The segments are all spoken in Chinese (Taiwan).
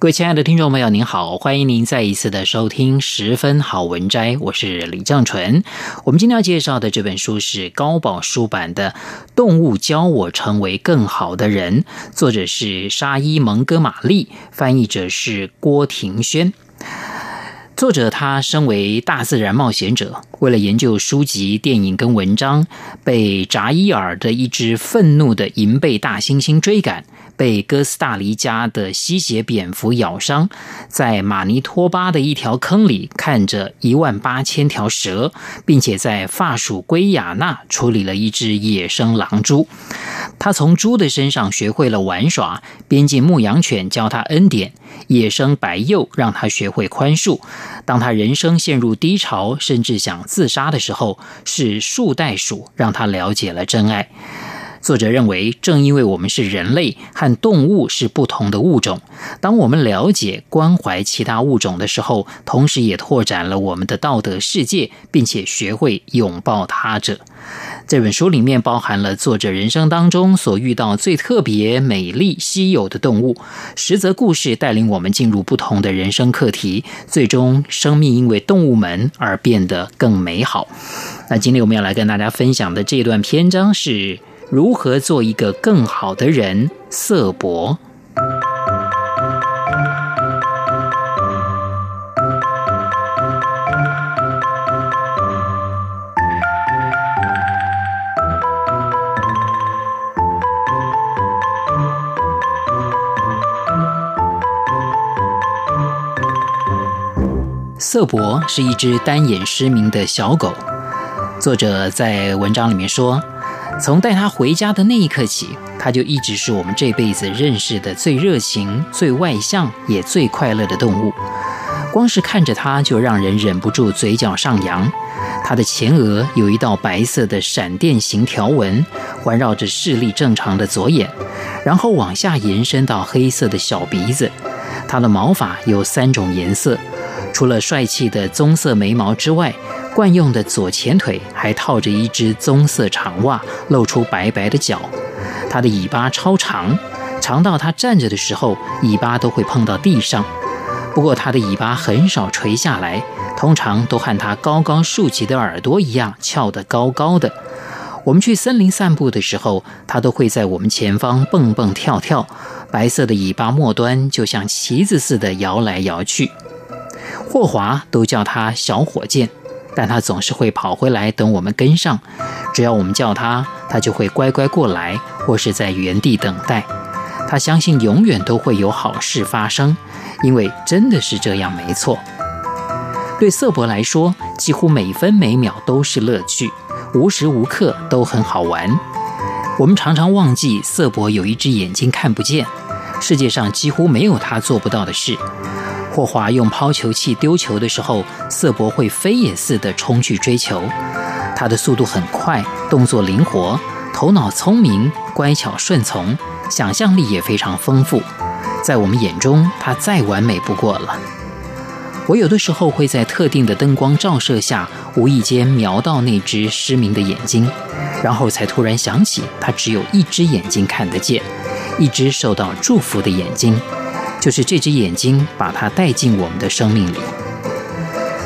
各位親愛的聽眾朋友，您好，歡迎您再一次的收聽《十分好文摘》，我是李絳純。我們今天要介紹的這本書是高寶書版的《動物教我成為更好的人》，作者是莎伊蒙哥馬利，翻譯者是郭庭瑄。作者他身為大自然冒險者，為了研究書籍、電影跟文章，被扎伊爾的一隻憤怒的銀背大猩猩追趕。被哥斯大黎加的吸血蝙蝠咬傷，在馬尼托巴的一條坑裡看着一萬八千條蛇，並且在法屬圭亞那處理了一隻野生狼豬。他從豬的身上學會了玩耍，邊境牧羊犬教他恩典，野生白鼬讓他學會寬恕。當他人生陷入低潮，甚至想自殺的時候，是樹袋鼠讓他了解了真愛。作者認為，正因為我們是人類和動物是不同的物種，當我們了解關懷其他物種的時候，同時也拓展了我們的道德世界，並且學會擁抱他者。這本書裡面包含了作者人生當中所遇到最特別、美麗、稀有的動物，十則故事帶領我們進入不同的人生課題，最終生命因為動物們而變得更美好。那今天我們要來跟大家分享的這段篇章是。如何做一個更好的人？色伯。色伯是一隻單眼失明的小狗。作者在文章裡面說。從帶它回家的那一刻起，它就一直是我們這輩子認識的最熱情、最外向也最快樂的動物。光是看着它，就讓人忍不住嘴角上揚。它的前額有一道白色的閃電形條紋，環繞着視力正常的左眼，然後往下延伸到黑色的小鼻子。它的毛髮有三種顏色，除了帥氣的棕色眉毛之外。慣用的左前腿還套着一隻棕色長襪，露出白白的腳。它的尾巴超長，長到它站着的時候，尾巴都會碰到地上。不過它的尾巴很少垂下來，通常都和它高高豎起的耳朵一樣翹得高高的。我們去森林散步的時候，它都會在我們前方蹦蹦跳跳，白色的尾巴末端就像旗子似的搖來搖去。霍華都叫它小火箭。但他總是會跑回來等我們跟上，只要我們叫他，他就會乖乖過來，或是在原地等待。他相信永遠都會有好事發生，因為真的是這樣，沒錯。對瑟伯來說，幾乎每分每秒都是樂趣，無時無刻都很好玩。我們常常忘記瑟伯有一隻眼睛看不見，世界上幾乎沒有他做不到的事。霍華用拋球器丟球的時候，瑟博會飛也似的衝去追球。他的速度很快，動作靈活，頭腦聰明，乖巧順從，想象力也非常豐富。在我們眼中，他再完美不過了。我有的時候會在特定的燈光照射下，無意間瞄到那隻失明的眼睛，然後才突然想起，他只有一隻眼睛看得見，一隻受到祝福的眼睛。就是這隻眼睛把它帶進我們的生命裡。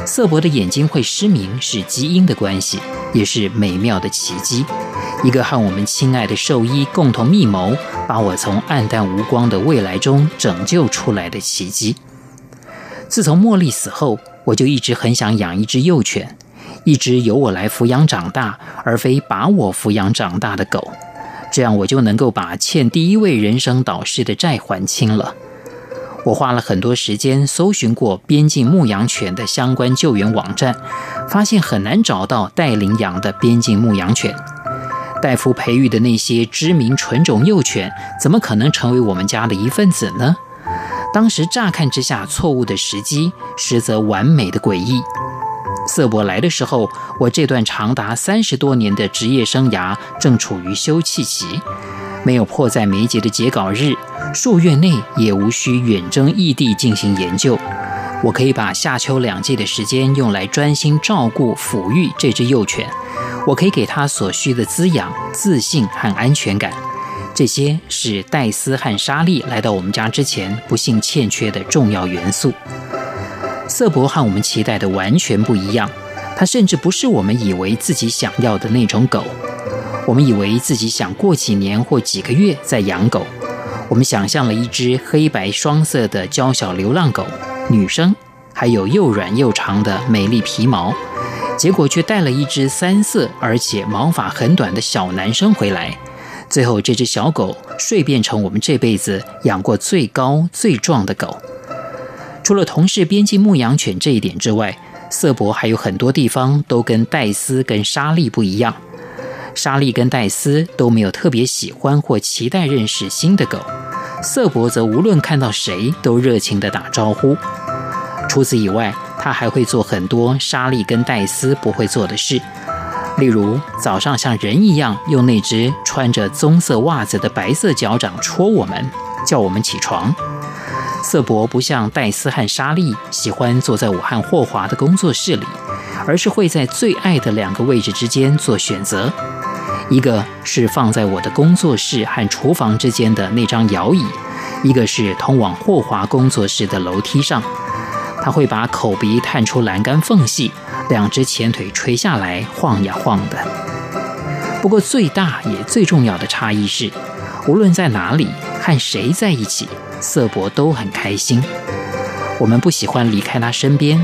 色博的眼睛會失明是基因的關係，也是美妙的奇蹟，一個和我們親愛的獸醫共同密謀把我從黯淡無光的未來中拯救出來的奇蹟。自從茉莉死後，我就一直很想養一隻幼犬，一隻由我來撫養長大而非把我撫養長大的狗，這樣我就能夠把欠第一位人生導師的債還清了。我花了很多時間搜尋過邊境牧羊犬的相關救援網站，發現很難找到待領養的邊境牧羊犬。戴夫培育的那些知名純種幼犬，怎麼可能成為我們家的一份子呢？當時乍看之下錯誤的時機，實則完美的詭異。瑟伯來的時候，我這段長達三十多年的職業生涯正處於休憩期，沒有迫在眉睫的截稿日。數月內也無需遠征異地進行研究，我可以把夏秋兩季的時間用來專心照顧撫育這隻幼犬。我可以給它所需的滋養、自信和安全感。這些是戴斯和莎莉來到我們家之前不幸欠缺的重要元素。瑟伯和我們期待的完全不一樣，它甚至不是我們以為自己想要的那種狗。我們以為自己想過幾年或幾個月再養狗。我們想象了一隻黑白雙色的嬌小流浪狗，女生，還有又軟又長的美麗皮毛，結果卻帶了一只三色而且毛髮很短的小男生回來。最後這只小狗蛻變成我們這輩子養過最高最壯的狗。除了同是邊境牧羊犬這一點之外，瑟博還有很多地方都跟戴斯跟沙利不一樣。沙利跟戴斯都沒有特別喜歡或期待認識新的狗。瑟伯則無論看到誰都熱情地打招呼。除此以外，他還會做很多莎莉跟戴斯不會做的事，例如早上像人一樣用那隻穿着棕色襪子的白色腳掌戳戳我們，叫我們起床。瑟伯不像戴斯和莎莉喜歡坐在武漢霍華的工作室裡，而是會在最愛的兩個位置之間做選擇。一個是放在我的工作室和廚房之間的那張搖椅，一個是通往霍華工作室的樓梯上。他會把口鼻探出欄杆縫隙，兩只前腿垂下來晃呀晃的。不過，最大也最重要的差異是，無論在哪裡和誰在一起，瑟伯都很開心。我們不喜歡離開他身邊。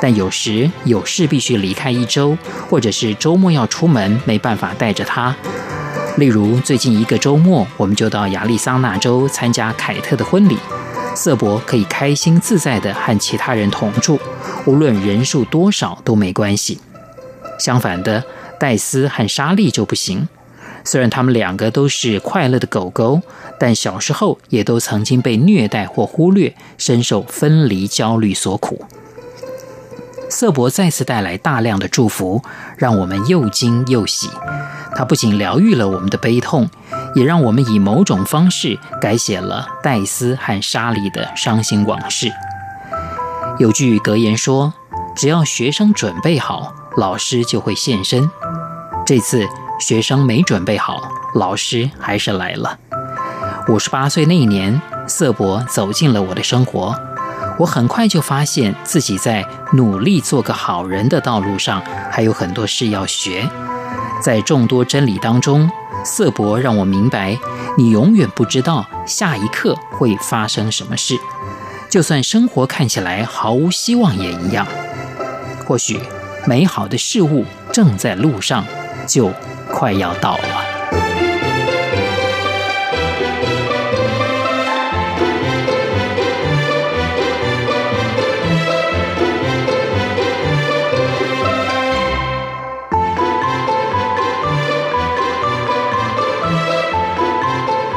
但有時有事必須離開一周，或者是周末要出門，沒辦法帶着它。例如，最近一個周末，我們就到亞利桑那州參加凱特的婚禮，瑟伯可以開心自在地和其他人同住，無論人數多少都沒關係。相反的，戴斯和莎莉就不行。雖然他們兩個都是快樂的狗狗，但小時候也都曾經被虐待或忽略，深受分離焦慮所苦。瑟伯再次帶來大量的祝福，讓我們又驚又喜。他不僅療癒了我們的悲痛，也讓我們以某種方式改寫了戴斯和莎莉的傷心往事。有句格言說：“只要學生準備好，老師就會現身。”這次學生沒準備好，老師還是來了。五十八歲那一年，瑟伯走進了我的生活。我很快就發現自己在努力做個好人的道路上還有很多事要學，在眾多真理當中，色博讓我明白，你永遠不知道下一刻會發生什麼事，就算生活看起來毫無希望也一樣，或許美好的事物正在路上，就快要到了。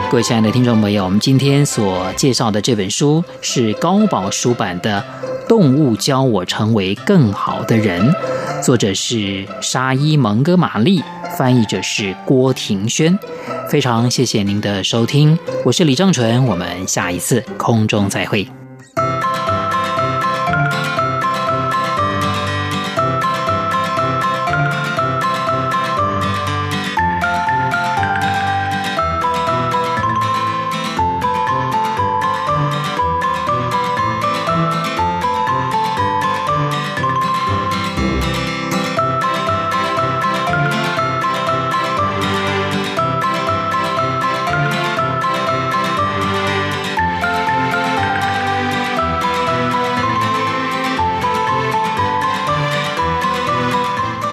各位親愛的聽眾朋友，我們今天所介紹的這本書是高寶書版的《動物教我成為更好的人》，作者是莎伊蒙哥馬利，翻譯者是郭庭瑄。非常謝謝您的收聽，我是李正純，我們下一次空中再會。